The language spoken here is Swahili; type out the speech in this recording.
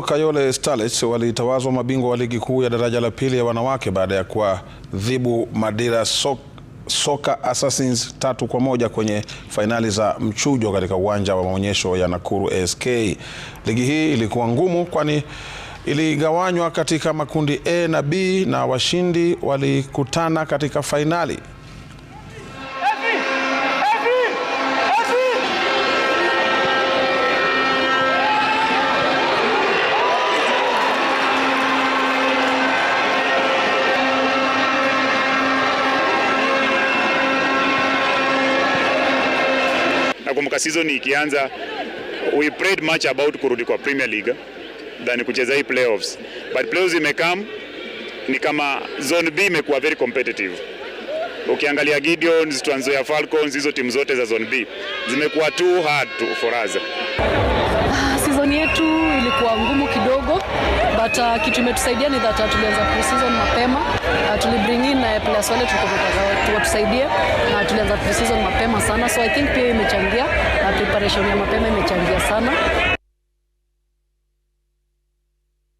Kayole Starlets walitawazwa mabingwa wa ligi kuu ya daraja la pili ya wanawake baada ya kuwadhibu Madira Soka Assassins tatu kwa moja kwenye fainali za mchujo katika uwanja wa maonyesho ya Nakuru ASK. Ligi hii ilikuwa ngumu kwani iligawanywa katika makundi A na B na washindi walikutana katika fainali. nakumbuka season ikianza we prayed much about kurudi kwa Premier League than kucheza hii playoffs, but playoffs imekam ni kama zone B imekuwa very competitive. Ukiangalia Gideons, Trans Nzoia Falcons, hizo timu zote za zone B zimekuwa too hard for us. Ah, season yetu ilikuwa ngumu kidogo but uh, kitu imetusaidia ni that ah, tulianza pre-season mapema uh, tulibring players wale watusaidie, na tulianza pre mapema sana, so I think pia imechangia na preparation ya mapema imechangia sana.